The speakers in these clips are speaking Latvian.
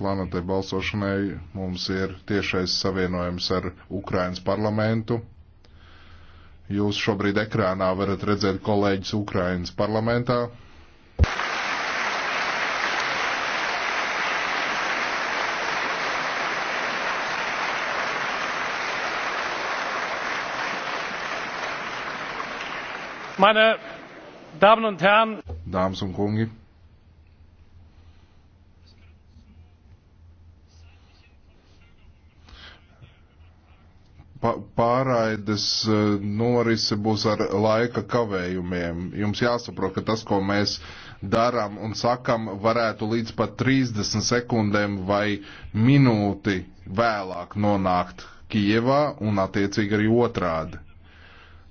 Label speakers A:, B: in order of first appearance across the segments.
A: plānotai balsošanai mums ir tiešais savienojums ar Ukrainas parlamentu. Jūs šobrīd ekrānā varat redzēt kolēģis Ukrainas parlamentā. Meine
B: Damen und Herren,
A: Dāmas un kungi, pārraides e, norise būs ar laika kavējumiem. Jums jāsaprot, ka tas, ko mēs darām un sakam, varētu līdz pat 30 sekundēm vai minūti vēlāk nonākt Kijevā un attiecīgi arī otrādi.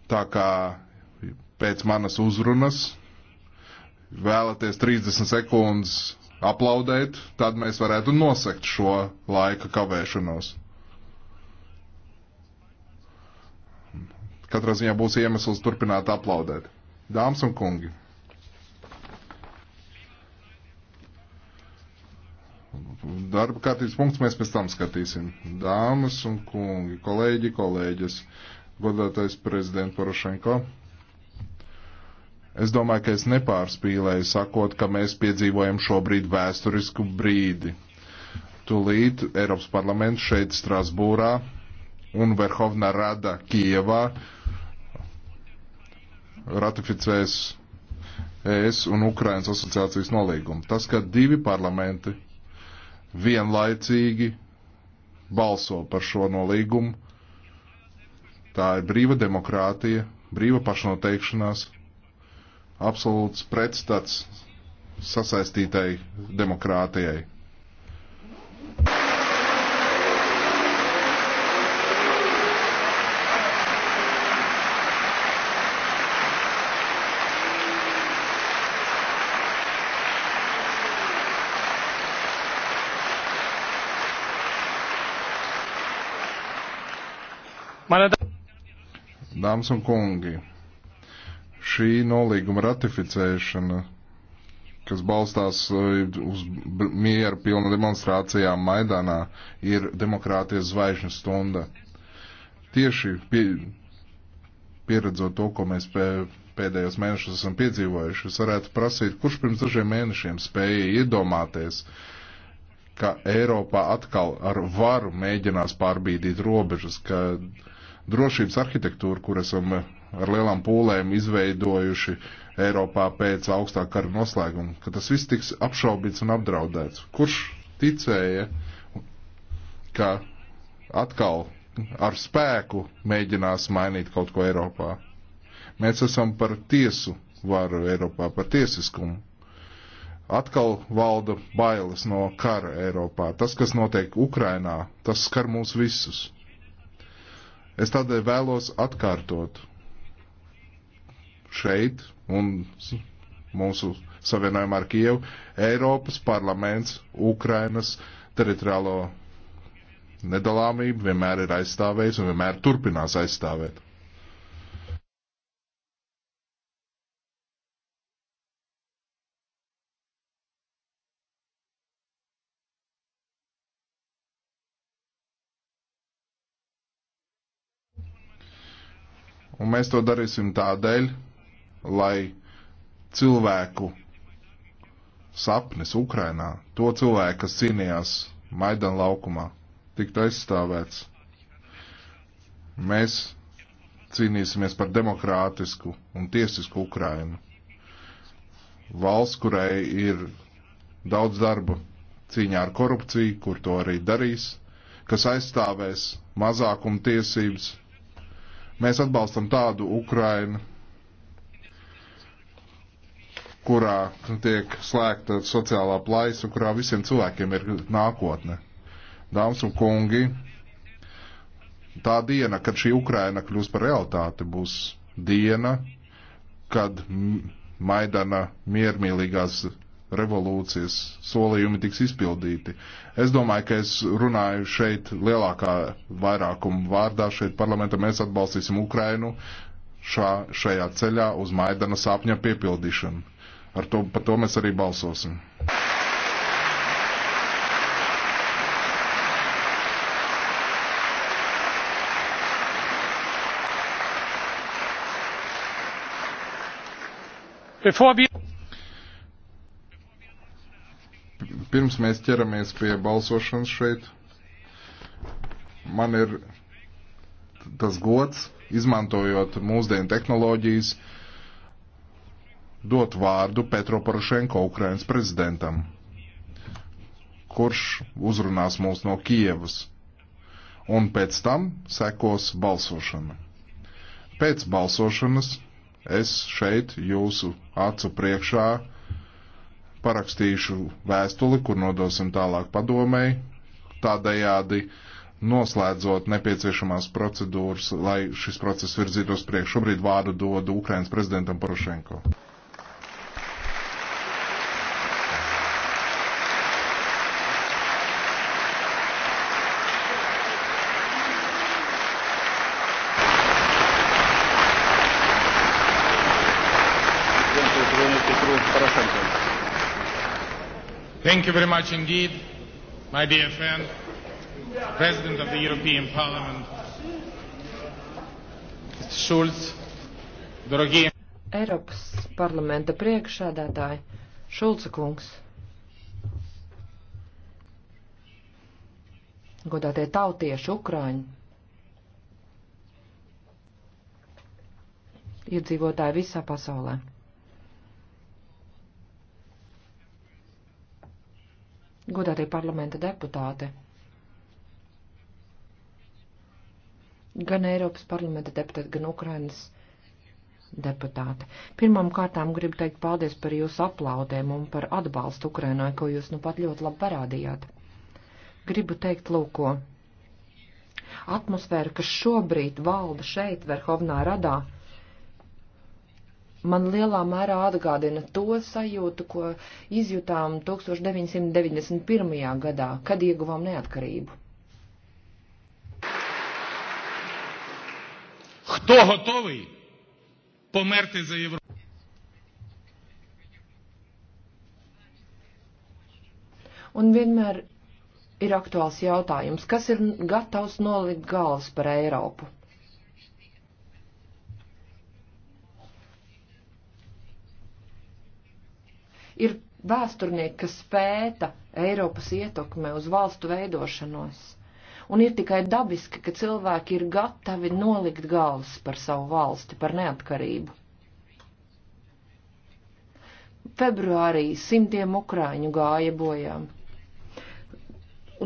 A: Tā kā pēc manas uzrunas vēlaties 30 sekundes aplaudēt, tad mēs varētu nosekt šo laika kavēšanos. Katrā ziņā būs iemesls turpināt aplaudēt. Dāmas un kungi! Darba kārtības punkts mēs pēc tam skatīsim. Dāmas un kungi, kolēģi, kolēģis, godātais prezidents Porošenko. Es domāju, ka es nepārspīlēju sakot, ka mēs piedzīvojam šobrīd vēsturisku brīdi. Tūlīt Eiropas parlaments šeit Strasbūrā un Verhovna Rada Kievā ratificēs ES un Ukrainas asociācijas nolīgumu. Tas, ka divi parlamenti vienlaicīgi balso par šo nolīgumu, tā ir brīva demokrātija, brīva pašnoteikšanās, absolūts pretstats sasaistītai demokrātijai. Dāmas un kungi, šī nolīguma ratificēšana, kas balstās eh, uz mieru pilnu demonstrācijām Maidanā, ir demokrātijas zvaigžņu stunda. Tieši pie, pieredzot to, ko mēs pē, pēdējos mēnešus esam piedzīvojuši, es varētu prasīt, kurš pirms dažiem mēnešiem spēja iedomāties, ka Eiropā atkal ar varu mēģinās pārbīdīt robežas, ka uh, drošības arhitektūru, kur esam eh, ar lielām pūlēm izveidojuši Eiropā pēc augstā kara noslēguma, ka tas viss tiks apšaubīts un apdraudēts. Kurš ticēja, ka atkal ar spēku mēģinās mainīt kaut ko Eiropā? Mēs esam par tiesu varu Eiropā, par tiesiskumu. Atkal valda bailes no kara Eiropā. Tas, kas notiek Ukrainā, tas skar mūs visus. Es tādēļ vēlos atkārtot šeit un mūsu savienojumā ar Kievu Eiropas parlaments Ukrainas teritoriālo nedalāmību vienmēr ir aizstāvējis un vienmēr turpinās aizstāvēt. Un mēs to darīsim tādēļ, lai cilvēku sapnis Ukrainā, to cilvēku, kas cīnījās Maidan laukumā, tiktu aizstāvēts. Mēs cīnīsimies par demokrātisku un tiesisku Ukrainu. Valsts, kurai ir daudz darba cīņā ar korupciju, kur to arī darīs, kas aizstāvēs mazākumtiesības, Mēs atbalstam tādu Ukrainu, kurā tiek slēgta sociālā plaisa, kurā visiem cilvēkiem ir nākotne. Dāmas un kungi, tā diena, kad šī Ukraina kļūs par realitāti, būs diena, kad Maidana miermīlīgās revolūcijas solījumi tiks izpildīti. Es domāju, ka es runāju šeit lielākā vairākuma vārdā, šeit parlamentā mēs atbalstīsim Ukrainu šā, šajā ceļā uz Maidana sāpņa piepildīšanu. Ar to, par to mēs arī balsosim. Bevor wir Pirms mēs ķeramies pie balsošanas šeit, man ir tas gods, izmantojot mūsdienu tehnoloģijas, dot vārdu Petro Porošenko, Ukrainas prezidentam, kurš uzrunās mūs no Kievas. Un pēc tam sekos balsošana. Pēc balsošanas es šeit jūsu acu priekšā parakstīšu vēstuli, kur nodosim tālāk padomēji, tādējādi noslēdzot nepieciešamās procedūras, lai šis process virzītos priekš. Šobrīd vārdu dodu Ukrainas prezidentam Porošenko. Петрову Порошенко. Thank you very much indeed, my dear friend, President of the European Parliament,
B: Mr. Schulz, дорогие... Eiropas parlamenta priekšsēdētāji, Šulca kungs, godātie tautieši, ukraiņi, iedzīvotāji visā pasaulē. godātie parlamenta deputāti. Gan Eiropas parlamenta deputāti, gan Ukrainas deputāti. Pirmām kārtām gribu teikt paldies par jūsu aplaudēm un par atbalstu Ukrainai, ko jūs nu pat ļoti labi parādījāt. Gribu teikt lūko. Atmosfēra, kas šobrīd valda šeit, Verhovnā radā, man lielā mērā atgādina to sajūtu, ko izjutām 1991. gadā, kad ieguvām neatkarību. Хто готовий померти за Європу? Un vienmēr ir aktuāls jautājums, kas ir gatavs nolikt galvas par Eiropu? ir vēsturnieki, kas pēta Eiropas ietekme uz valstu veidošanos. Un ir tikai dabiski, ka cilvēki ir gatavi nolikt galvas par savu valsti, par neatkarību. Februārī simtiem ukrāņu gāja bojām.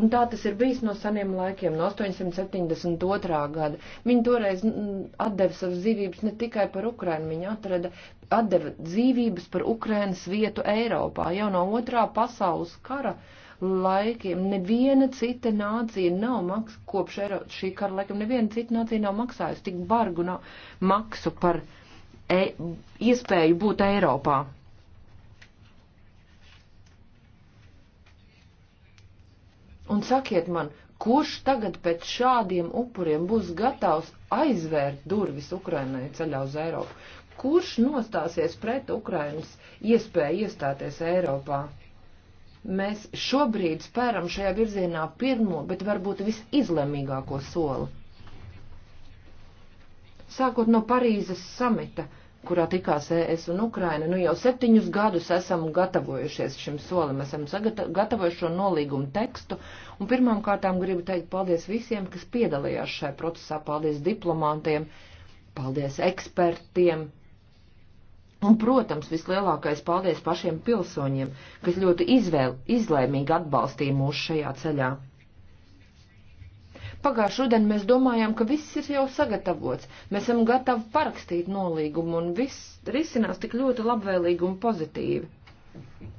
B: Un tā tas ir bijis no seniem laikiem, no 872. gada. Viņa toreiz mm, atdeva savas dzīvības ne tikai par Ukrainu, viņa atrada, atdeva dzīvības par Ukrainas vietu Eiropā. Jau no otrā pasaules kara laikiem neviena cita nācija nav maks, kopš Eiro, šī kara laikam neviena cita nācija nav maksājusi tik bargu nav maksu par e iespēju būt Eiropā. Un sakiet man, kurš tagad pēc šādiem upuriem būs gatavs aizvērt durvis Ukrainai ceļā uz Eiropu? Kurš nostāsies pret Ukrainas iespēju iestāties Eiropā? Mēs šobrīd spēram šajā virzienā pirmo, bet varbūt visizlemīgāko soli. Sākot no Parīzes samita kurā tikās ES un Ukraina. Nu, jau septiņus gadus esam gatavojušies šim solim, esam gatavojuši šo nolīgumu tekstu, un pirmām kārtām gribu teikt paldies visiem, kas piedalījās šajā procesā, paldies diplomātiem, paldies ekspertiem, un, protams, vislielākais paldies pašiem pilsoņiem, kas ļoti izvēl, izlēmīgi atbalstīja mūs šajā ceļā. Pagājušajā rudenī mēs domājām, ka viss ir jau sagatavots, mēs esam gatavi parakstīt nolīgumu un viss risinās tik ļoti labvēlīgi un pozitīvi.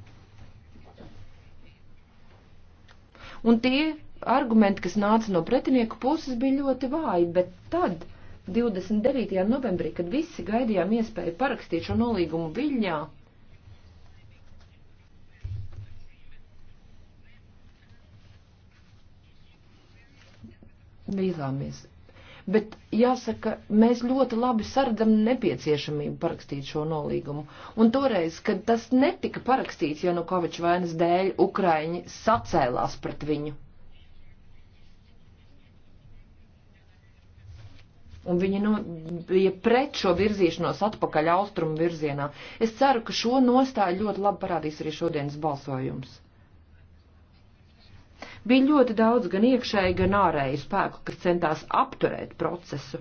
B: Un tie argumenti, kas nāca no pretinieku puses, bija ļoti vāji, bet tad, 29. novembrī, kad visi gaidījām iespēju parakstīt šo nolīgumu Viļņā, vīzāmies. Bet jāsaka, mēs ļoti labi sardam nepieciešamību parakstīt šo nolīgumu. Un toreiz, kad tas netika parakstīts Janukoviča vainas dēļ, Ukraiņi sacēlās pret viņu. Un viņi nu, bija pret šo virzīšanos atpakaļ austrumu virzienā. Es ceru, ka šo nostāju ļoti labi parādīs arī šodienas balsojums. Bija ļoti daudz gan iekšēji, gan ārēju spēku, kas centās apturēt procesu.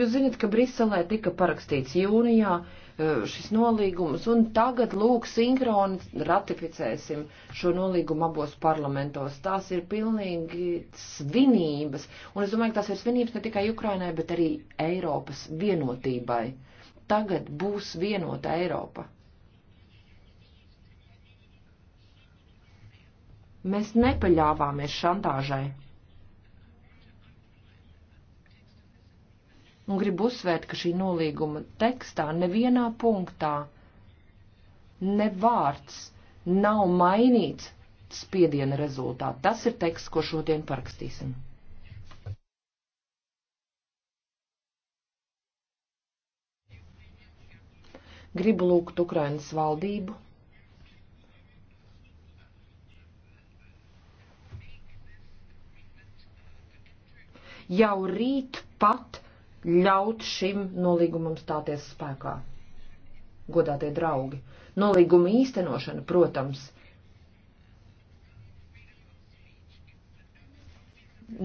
B: Jūs zinat, ka Briselē tika parakstīts jūnijā e, šis nolīgums, un tagad lūk sinhroni ratificēsim šo nolīgumu abos parlamentos. Tās ir pilnīgi svinības, un es domāju, ka tās ir svinības ne tikai Ukrainai, bet arī Eiropas vienotībai. Tagad būs vienota Eiropa. Mēs nepaļāvāmies šantāžai. Un gribu uzsvērt, ka šī nolīguma tekstā nevienā punktā ne vārds nav mainīts spiediena rezultātā. Tas ir teksts, ko šodien parakstīsim. Gribu lūgt Ukrainas valdību jau rīt pat ļaut šim nolīgumam stāties spēkā. Godātie draugi, nolīguma īstenošana, protams,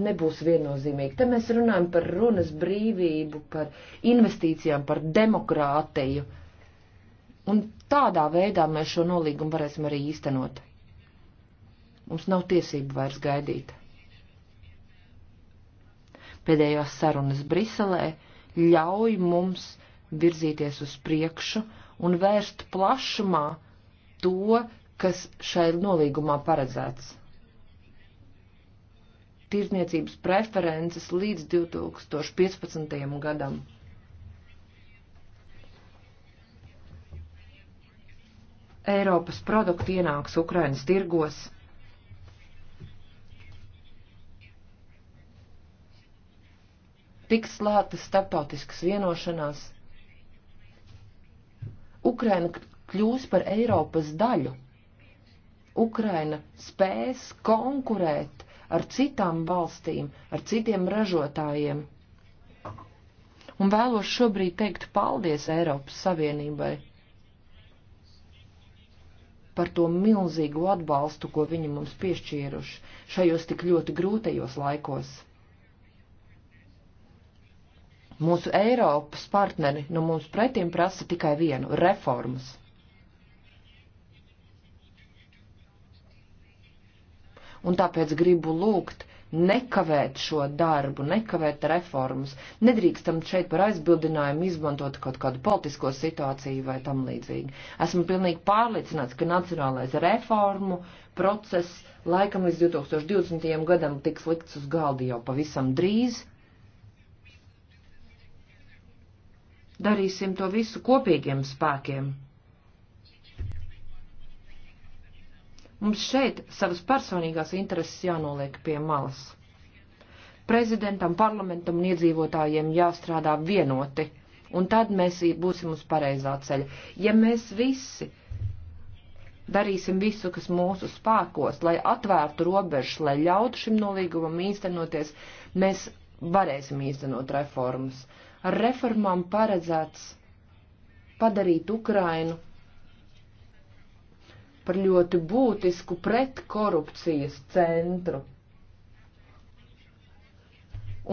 B: nebūs viennozīmīga. Te mēs runājam par runas brīvību, par investīcijām, par demokrātiju. Un tādā veidā mēs šo nolīgumu varēsim arī īstenot. Mums nav tiesību vairs gaidīt. Pēdējās sarunas Briselē ļauj mums virzīties uz priekšu un vērst plašumā to, kas šai nolīgumā paredzēts. Tirzniecības preferences līdz 2015. gadam. Eiropas produkti ienāks Ukrainas tirgos tiks slēgtas starptautiskas vienošanās. Ukraina kļūs par Eiropas daļu. Ukraina spēs konkurēt ar citām valstīm, ar citiem ražotājiem. Un vēlos šobrīd teikt paldies Eiropas Savienībai par to milzīgo atbalstu, ko viņi mums piešķīruši šajos tik ļoti grūtajos laikos. Mūsu Eiropas partneri no nu, mums pretim prasa tikai vienu - reformas. Un tāpēc gribu lūgt nekavēt šo darbu, nekavēt reformas. Nedrīkstam šeit par aizbildinājumu izmantot kaut kādu politisko situāciju vai tam līdzīgi. Esmu pilnīgi pārliecināts, ka nacionālais reformu process laikam līdz 2020. gadam tiks likts uz galdi jau pavisam drīz Darīsim to visu kopīgiem spēkiem. Mums šeit savas personīgās intereses jānoliek pie malas. Prezidentam, parlamentam un iedzīvotājiem jāstrādā vienoti, un tad mēs būsim uz pareizā ceļa. Ja mēs visi darīsim visu, kas mūsu spēkos, lai atvērtu robežas, lai ļautu šim nolīgumam īstenoties, mēs varēsim īstenot reformas. Ar reformām paredzēts padarīt Ukrainu par ļoti būtisku pretkorupcijas centru.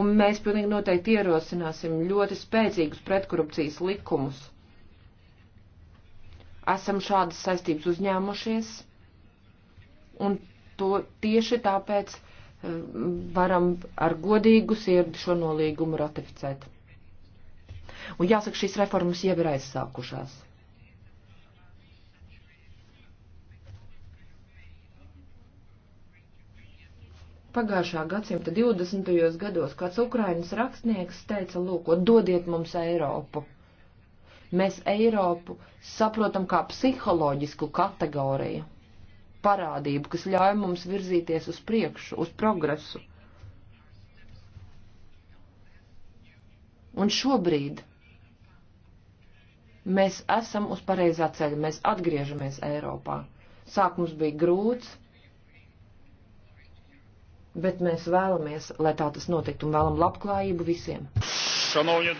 B: Un mēs pilnīgi noteikti ierosināsim ļoti spēcīgus pretkorupcijas likumus. Esam šādas saistības uzņēmušies, un to tieši tāpēc eh, varam ar godīgu sirdi šo nolīgumu ratificēt. Un jāsaka, šīs reformas jau ir aizsākušās. Pagājušā gadsimta 20. gados kāds Ukrainas rakstnieks teica, lūk, dodiet mums Eiropu. Mēs Eiropu saprotam kā psiholoģisku kategoriju, parādību, kas ļauj mums virzīties uz priekšu, uz progresu. Un šobrīd Mēs esam uz pareizā ceļa, mēs atgriežamies Eiropā. Sākums bija grūts, bet mēs vēlamies, lai tā tas notiktu un vēlam labklājību visiem. Šanovņa,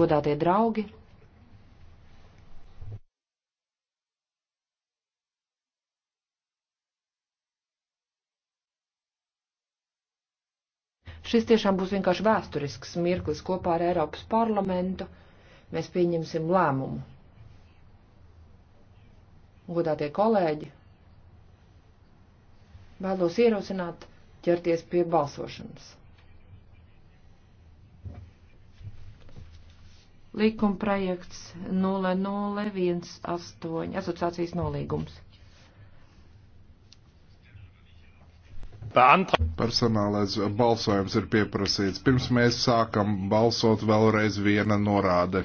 B: Godātie draugi! Šis tiešām būs vienkārši vēsturisks mirklis kopā ar Eiropas parlamentu. Mēs pieņemsim lēmumu. Godātie kolēģi, vēlos ierosināt ķerties pie balsošanas. Līkuma projekts 0018 asociācijas nolīgums.
A: Beantrag Personālais balsojums ir pieprasīts. Pirms mēs sākam balsot, vēlreiz viena norāde.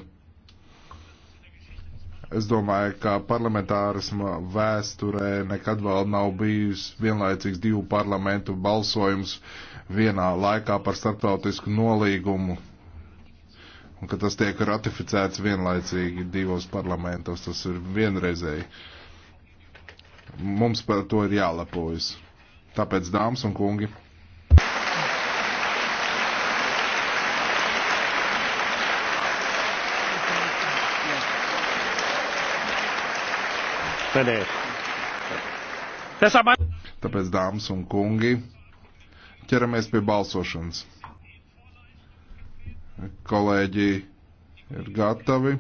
A: Es domāju, ka parlamentārisma vēsturē nekad vēl nav bijis vienlaicīgs divu parlamentu balsojums vienā laikā par starptautisku nolīgumu. Un ka tas tiek ratificēts vienlaicīgi divos parlamentos, tas ir vienreizēji. Mums par to ir jālepojas. Tāpēc, dāmas un kungi, Tāpēc, dāmas un kungi, ķeramies pie balsošanas. Kolēģi ir gatavi.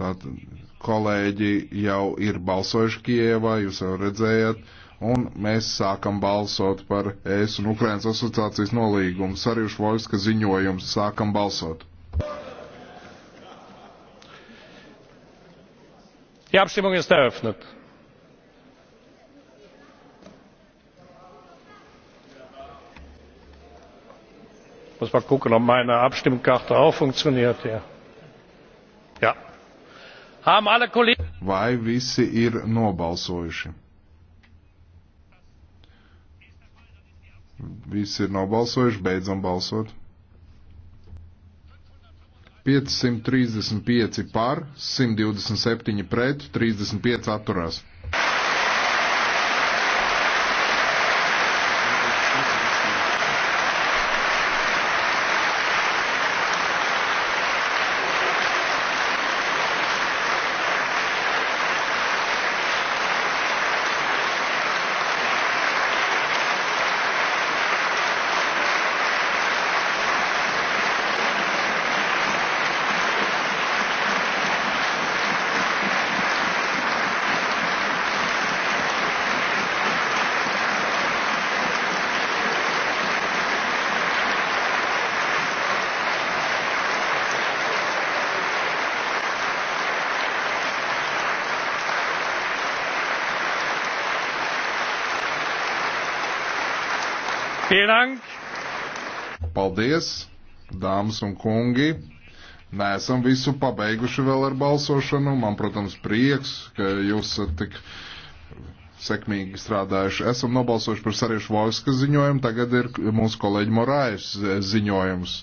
A: Tātad kolēģi jau ir balsojuši Kievā, jūs jau redzējāt, un mēs sākam balsot par ES un Ukrainas asociācijas nolīgumu. Sarjušu Vojska ziņojums sākam balsot. die abstimmung ist eröffnet.
B: ich muss mal gucken ob meine abstimmkarte auch funktioniert.
A: Ja. haben alle kollegen. vai visi ir nobalsojuši? Visi ir nobalsojuši, beidzam balsot. 535 par, 127 pret, 35 atturās. Paldies, dāmas un kungi! Nesam visu pabeiguši vēl ar balsošanu. Man, protams, prieks, ka jūs esat tik sekmīgi strādājuši. Esam nobalsojuši par Sariešu Vojska ziņojumu, tagad ir mūsu kolēģi Morājas ziņojums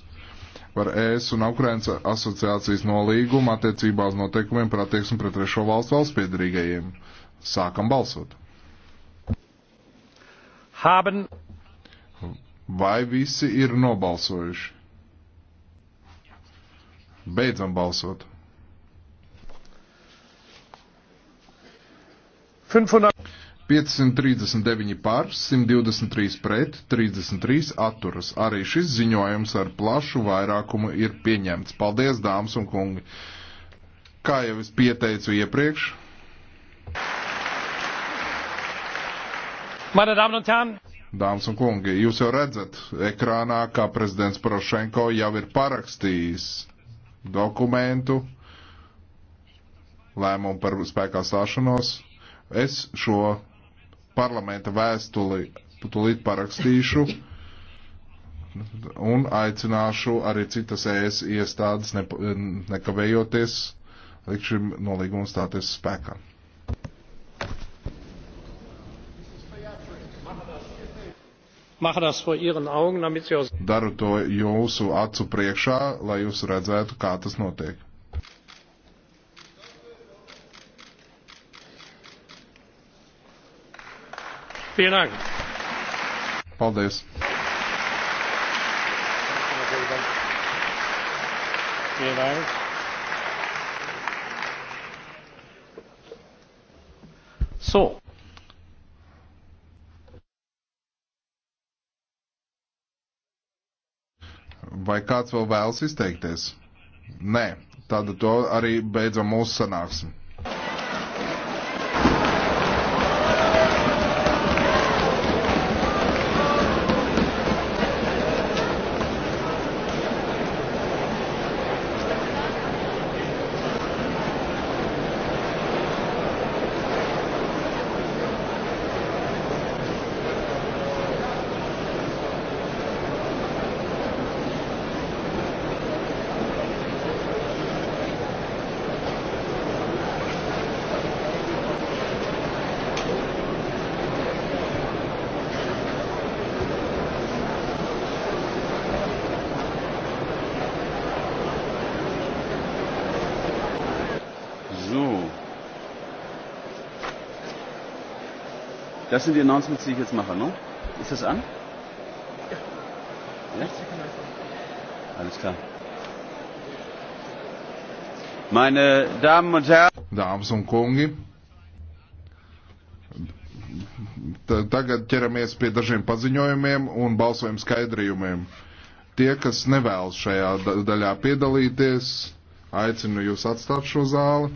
A: par ES un Ukrainas asociācijas nolīgumu attiecībā uz noteikumiem par attieksmi pret trešo valstu valstspiedrīgajiem. Sākam balsot! Haben Vai visi ir nobalsojuši? Beidzam balsot. 539 pār, 123 pret, 33 atturas. Arī šis ziņojums ar plašu vairākumu ir pieņemts. Paldies, dāmas un kungi! Kā jau es pieteicu iepriekš. Meine Damen und Herren! dāmas un kungi, jūs jau redzat ekrānā, kā prezidents Porošenko jau ir parakstījis dokumentu lēmumu par spēkā stāšanos. Es šo parlamenta vēstuli tulīt parakstīšu un aicināšu arī citas ES iestādes nekavējoties likšim nolīgumu stāties spēkā. Daru to jūsu acu priekšā, lai jūs redzētu, kā tas notiek. Vielen Dank. Paldies. Vielen Dank. So. kāds vēl vēlas izteikties? Nē, tad to arī beidzam mūsu sanāksmi. Das sind die Announcements, die ich jetzt mache, ne? Ist das an? Ja. ja? Alles klar. Meine Damen und Herren. Dāmas un kungi, tagad ķeramies pie dažiem paziņojumiem un balsojuma skaidrījumiem. Tie, kas nevēlas šajā daļā piedalīties, aicinu jūs atstāt šo zāli.